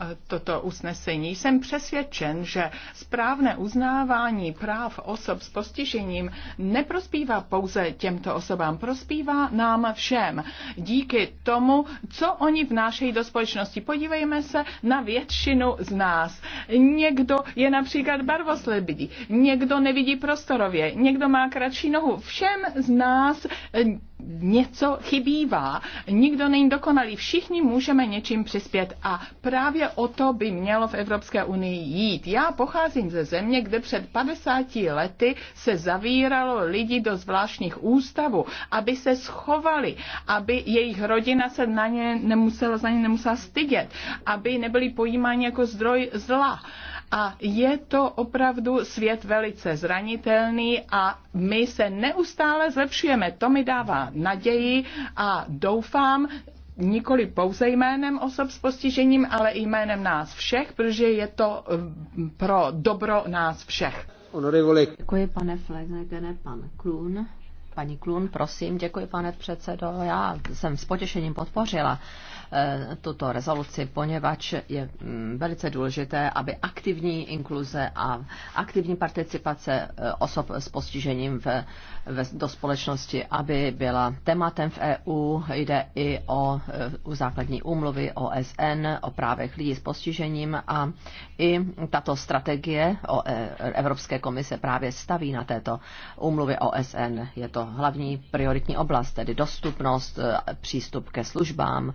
Eh, toto usnesení. Jsem přesvědčen, že správné uznávání práv osob s postižením neprospívá pouze těmto osobám, prospívá nám všem. Díky tomu, co oni vnášejí do společnosti. Podívejme se na většinu z nás. Někdo je například barvoslebidý, někdo nevidí prostorově, někdo má kratší nohu. Všem z nás eh, něco chybívá. Nikdo není dokonalý, všichni můžeme něčím přispět a právě o to by mělo v Evropské unii jít. Já pocházím ze země, kde před 50 lety se zavíralo lidi do zvláštních ústavů, aby se schovali, aby jejich rodina se na ně nemusela, za ně nemusela stydět, aby nebyli pojímáni jako zdroj zla. Uh, a je to opravdu svět velice zranitelný a my se neustále zlepšujeme. To mi dává naději a doufám, nikoli pouze jménem osob s postižením, ale i jménem nás všech, protože je to mm, pro dobro nás všech. Děkuji, pane Flegene, pan Klun. Paní Klun, prosím, děkuji, pane předsedo. Já jsem s potěšením podpořila Eh, tuto rezoluci, poněvadž je mm, velice důležité, aby aktivní inkluze a aktivní participace eh, osob s postižením v do společnosti, aby byla tématem v EU. Jde i o e, základní úmluvy OSN, o právech lidí s postižením a i tato strategie o e, Evropské komise právě staví na této úmluvy OSN. Je to hlavní prioritní oblast, tedy dostupnost, e, přístup ke službám,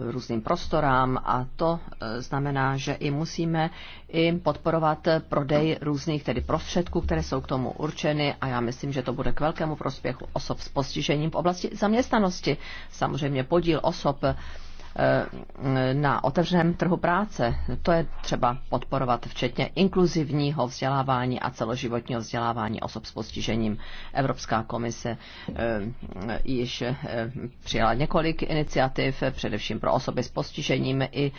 různým prostorám a to znamená, že i musíme i podporovat prodej různých tedy prostředků, které jsou k tomu určeny a já myslím, že to bude k velkému prospěchu osob s postižením v oblasti zaměstnanosti. Samozřejmě podíl osob eh, na otevřeném trhu práce. To je třeba podporovat včetně inkluzivního vzdělávání a celoživotního vzdělávání osob s postižením. Evropská komise eh, již eh, přijala několik iniciativ, především pro osoby s postižením i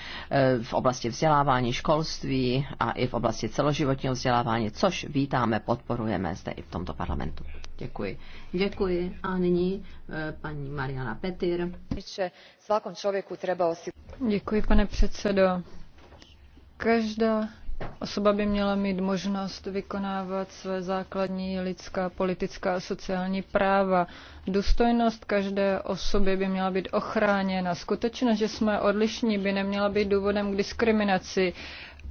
v oblasti vzdělávání, školství a i v oblasti celoživotního vzdělávání, což vítáme, podporujeme zde i v tomto parlamentu. Děkuji. Děkuji. A nyní eh, paní Mariana Petir. Děkuji, pane předsedo. Každá osoba by měla mít možnost vykonávat své základní lidská, politická a sociální práva. Důstojnost každé osoby by měla být ochráněna. Skutečnost, že jsme odlišní, by neměla být důvodem k diskriminaci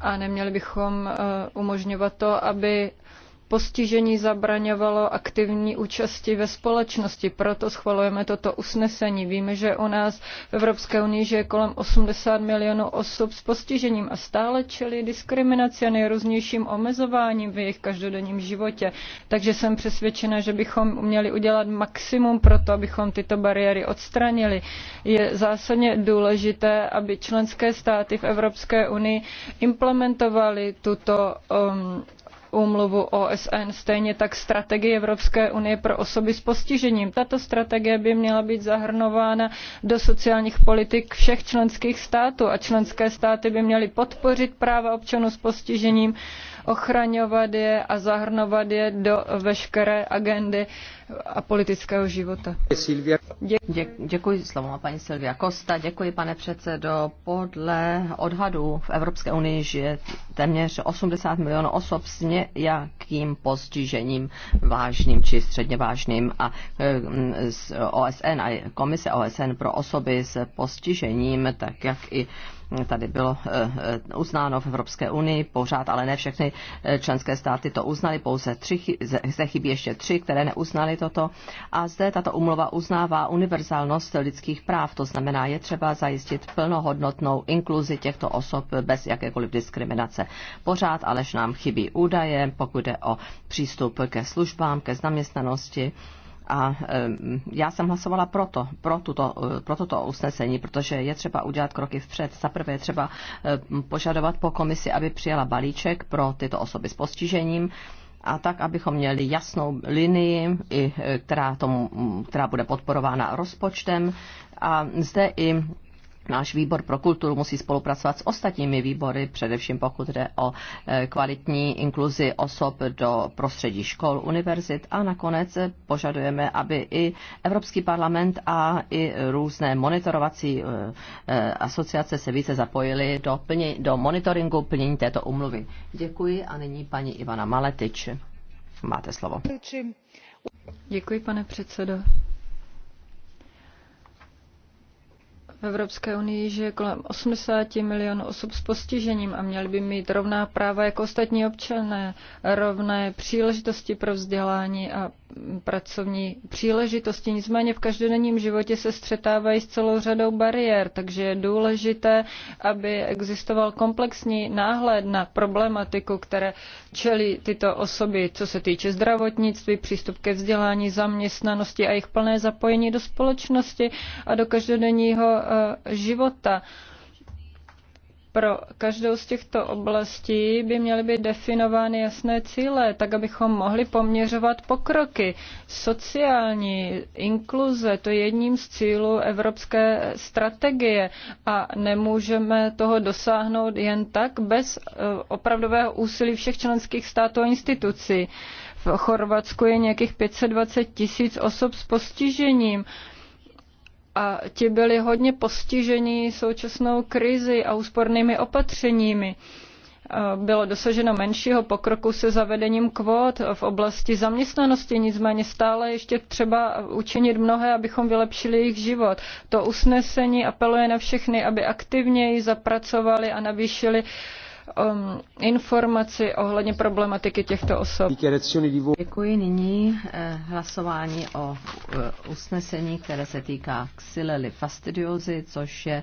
a neměli bychom eh, umožňovat to, aby postižení zabraňovalo aktivní účasti ve společnosti. Proto schvalujeme toto usnesení. Víme, že u nás v Evropské unii je kolem 80 milionů osob s postižením a stále čelí diskriminaci a nejrůznějším omezováním v jejich každodenním životě. Takže jsem přesvědčena, že bychom měli udělat maximum pro to, abychom tyto bariéry odstranili. Je zásadně důležité, aby členské státy v Evropské unii implementovaly tuto um, úmluvu OSN, stejně tak strategii Evropské unie pro osoby s postižením. Tato strategie by měla být zahrnována do sociálních politik všech členských států a členské státy by měly podpořit práva občanů s postižením ochraňovat je a zahrnovat je do veškeré agendy a politického života. dě- děkuji slovo paní Silvia Kosta. Děkuji, pane předsedo. Podle odhadů v Evropské unii žije téměř 80 milionů osob s nějakým postižením vážným či středně vážným a z e, OSN a komise OSN pro osoby s postižením, tak jak i tady bylo eh, eh, uznáno v Evropské unii, pořád, ale ne všechny eh, členské státy to uznaly, pouze tři, zde chybí ještě tři, které neuznaly toto. A zde tato umluva uznává univerzálnost lidských práv, to znamená, je třeba zajistit plnohodnotnou inkluzi těchto osob bez jakékoliv diskriminace. Pořád alež nám chybí údaje, pokud jde o přístup ke službám, ke zaměstnanosti, a eh, já jsem hlasovala proto, pro, tuto, eh, pro toto usnesení, protože je třeba udělat kroky vpřed. Za prvé je třeba eh, požadovat po komisi, aby přijala balíček pro tyto osoby s postižením a tak, abychom měli jasnou linii, která, tomu, která bude podporována rozpočtem. A zde i Náš výbor pro kulturu musí spolupracovat s ostatními výbory, především pokud jde o e, kvalitní inkluzi osob do prostředí škol, univerzit a nakonec požadujeme, aby i Evropský parlament a i různé monitorovací e, e, asociace se více zapojily do, plně, do monitoringu plnění této umluvy. Děkuji a nyní paní Ivana Maletič. Máte slovo. Děkuji, pane předsedo. v Evropské unii, že je kolem 80 milionů osob s postižením a měli by mít rovná práva jako ostatní občané, rovné příležitosti pro vzdělání a pracovní příležitosti. Nicméně v každodenním životě se střetávají s celou řadou bariér, takže je důležité, aby existoval komplexní náhled na problematiku, které čelí tyto osoby, co se týče zdravotnictví, přístup ke vzdělání, zaměstnanosti a jejich plné zapojení do společnosti a do každodenního Eh, života. Pro každou z těchto oblastí by měly být definovány jasné cíle, tak abychom mohli poměřovat pokroky. Sociální inkluze, to je jedním z cílů evropské strategie a nemůžeme toho dosáhnout jen tak bez eh, opravdového úsilí všech členských států a institucí. V Chorvatsku je nějakých 520 tisíc osob s postižením a ti byli hodně postiženi současnou krizi a úspornými opatřeními. Bylo dosaženo menšího pokroku se zavedením kvót v oblasti zaměstnanosti, nicméně stále ještě třeba učinit mnohé, abychom vylepšili jejich život. To usnesení apeluje na všechny, aby aktivněji zapracovali a navýšili uh, um, informaci ohledně problematiky těchto osob. Děkuji nyní eh, hlasování o eh, usnesení, které se týká xylely fastidiozy, což je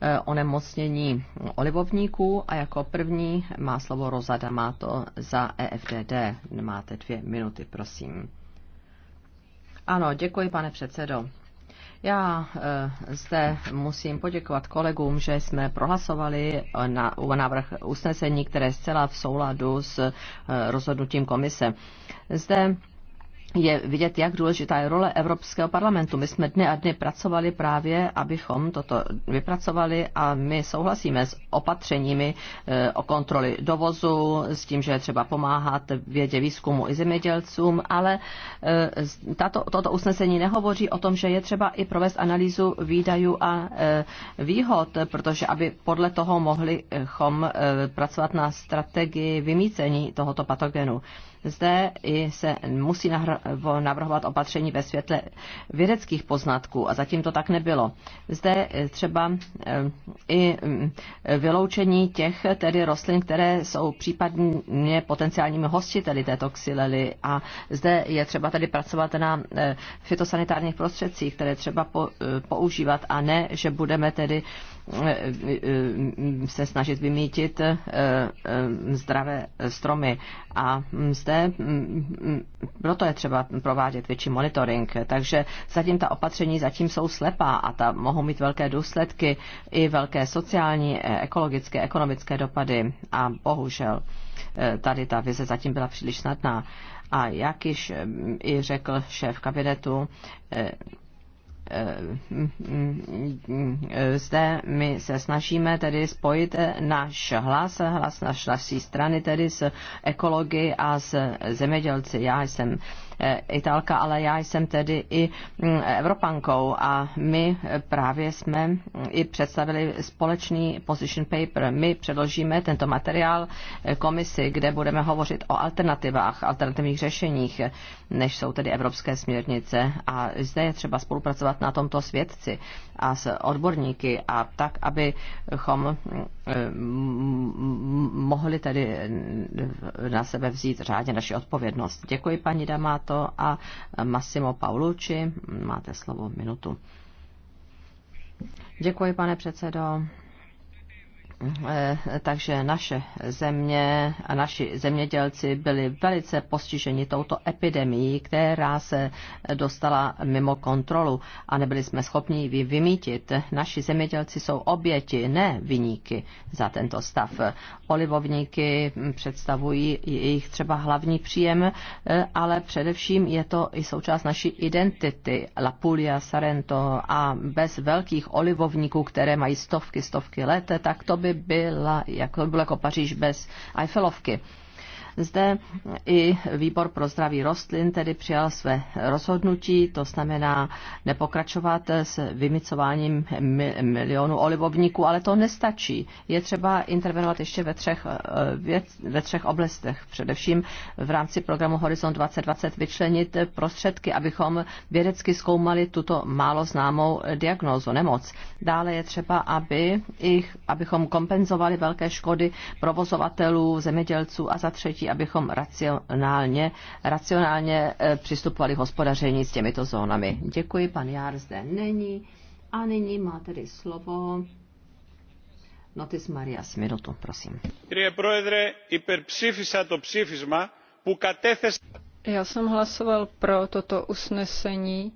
eh, onemocnění olivovníků a jako první má slovo Rozada Má to za EFDD. Máte dvě minuty, prosím. Ano, děkuji, pane předsedo. Já eh, zde musím poděkovat kolegům, že jsme prohlasovali eh, na návrh usnesení, které je zcela v souladu s eh, rozhodnutím komise. Zde je vidět, jak důležitá je role Evropského parlamentu. My jsme dny a dny pracovali právě, abychom toto vypracovali a my souhlasíme s opatřeními eh, o kontroli dovozu, s tím, že je třeba pomáhat vědě výzkumu i zemědělcům, ale eh, tato, toto usnesení nehovoří o tom, že je třeba i provést analýzu výdajů a eh, výhod, protože aby podle toho mohli chom pracovat na strategii vymícení tohoto patogenu. Zde i se musí navrhovat opatření ve světle vědeckých poznatků a zatím to tak nebylo. Zde eh, třeba eh, i mm, vyloučení těch tedy rostlin, které jsou případně potenciálními hostiteli této xylely a zde je třeba tedy pracovat na eh, fitosanitárních prostředcích, které třeba používat a ne, že budeme tedy Eh, se snažit vymítit eh, eh, zdravé stromy. A zde mm, proto je třeba provádět větší monitoring. Takže zatím ta opatření zatím jsou slepá a ta mohou mít velké důsledky i velké sociální, ekologické, ekonomické dopady. A bohužel tady ta vize zatím byla příliš snadná. A jak již mm, i řekl šéf kabinetu, zde my se snažíme tedy spojit náš hlas, hlas naší strany tedy s ekology a s zemědělci. Já jsem E, Italka, ale já jsem tedy i mm, Evropankou a my právě jsme mm, i představili společný position paper. My předložíme tento materiál e, komisi, kde budeme hovořit o alternativách, alternativních řešeních, než jsou tedy evropské směrnice. A zde je třeba spolupracovat na tomto svědci a s odborníky a tak, abychom mm, e, mohli tedy na sebe vzít řádně naši odpovědnost. Děkuji paní Damato. Damato a Massimo Paulucci. Máte slovo minutu. Děkuji, pane předsedo. Eh, takže naše země a naši zemědělci byli velice postiženi touto epidemií, která se dostala mimo kontrolu a nebyli jsme schopni ji vymítit. Naši zemědělci jsou oběti, ne vyníky za tento stav. Olivovníky představují jejich třeba hlavní příjem, eh, ale především je to i součást naší identity. Lapulia, Sarento a bez velkých olivovníků, které mají stovky, stovky let, tak to by byla, jako, bylo jako Paříž bez Eiffelovky. Zde i výbor pro zdraví rostlin tedy přijal své rozhodnutí, to znamená nepokračovat s vymicováním milionů olivovníků, ale to nestačí. Je třeba intervenovat ještě ve třech, eh, ve třech oblastech, především v rámci programu Horizon 2020 vyčlenit prostředky, abychom vědecky zkoumali tuto málo známou diagnózu, nemoc. Dále je třeba, aby ich, abychom kompenzovali velké škody provozovatelů, zemědělců a za třetí důležití, abychom racionálně, racionálně eh, přistupovali k hospodaření s těmito zónami. Děkuji, pan Jár zde není. A nyní má tedy slovo Notis Maria Smirotu, prosím. Já jsem hlasoval pro toto usnesení,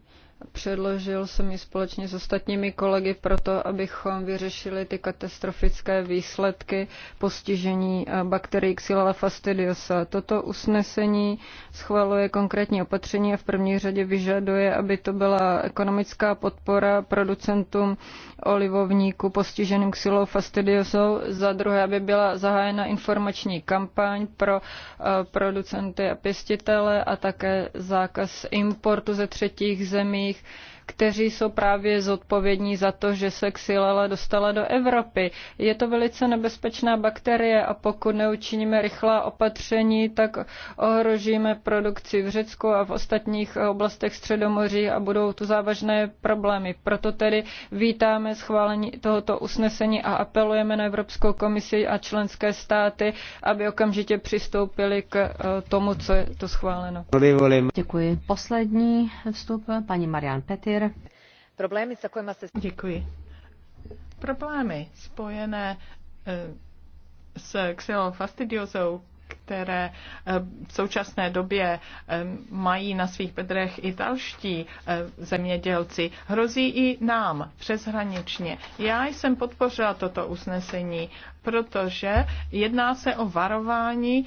Předložil jsem ji společně s ostatními kolegy proto, abychom vyřešili ty katastrofické výsledky postižení eh, bakterií Xylella fastidiosa. Toto usnesení schvaluje konkrétní opatření a v první řadě vyžaduje, aby to byla ekonomická podpora producentům olivovníků postiženým Xylellou fastidiosou, za druhé, aby byla zahájena informační kampaň pro eh, producenty a pěstitele a také zákaz importu ze třetích zemí nich kteří jsou právě zodpovědní za to, že se xylela dostala do Evropy. Je to velice nebezpečná bakterie a pokud neučiníme rychlá opatření, tak ohrožíme produkci v Řecku a v ostatních oblastech Středomoří a budou tu závažné problémy. Proto tedy vítáme schválení tohoto usnesení a apelujeme na Evropskou komisi a členské státy, aby okamžitě přistoupili k eh, tomu, co je to schváleno. Děkuji. Poslední vstup paní Marian Petir Problémy, Problémy spojené eh, s xylofastidiozou, které eh, v současné době eh, mají na svých bedrech i další zemědělci, hrozí i nám přeshraničně. Já jsem podpořila toto usnesení, protože jedná se o varování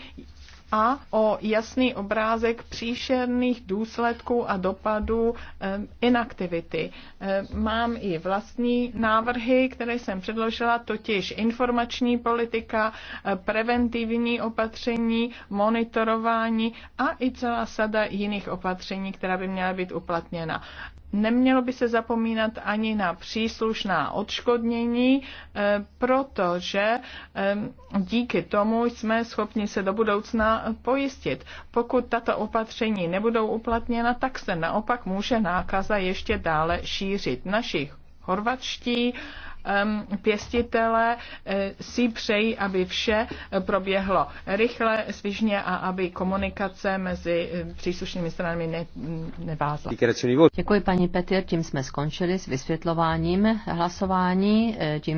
a o jasný obrázek příšerných důsledků a dopadů eh, inaktivity. Eh, mám i vlastní návrhy, které jsem předložila, totiž informační politika, eh, preventivní opatření, monitorování a i celá sada jiných opatření, která by měla být uplatněna. Nemělo by se zapomínat ani na příslušná odškodnění, eh, protože eh, díky tomu jsme schopni se do budoucna pojistit. Pokud tato opatření nebudou uplatněna, tak se naopak může nákaza ještě dále šířit. Našich horvatští Ehm, pěstitele eh, si přejí, aby vše eh, proběhlo rychle, svižně a aby komunikace mezi eh, příslušnými stranami ne, nevázla. Děkuji paní Petr, tím jsme skončili s vysvětlováním hlasování. Tím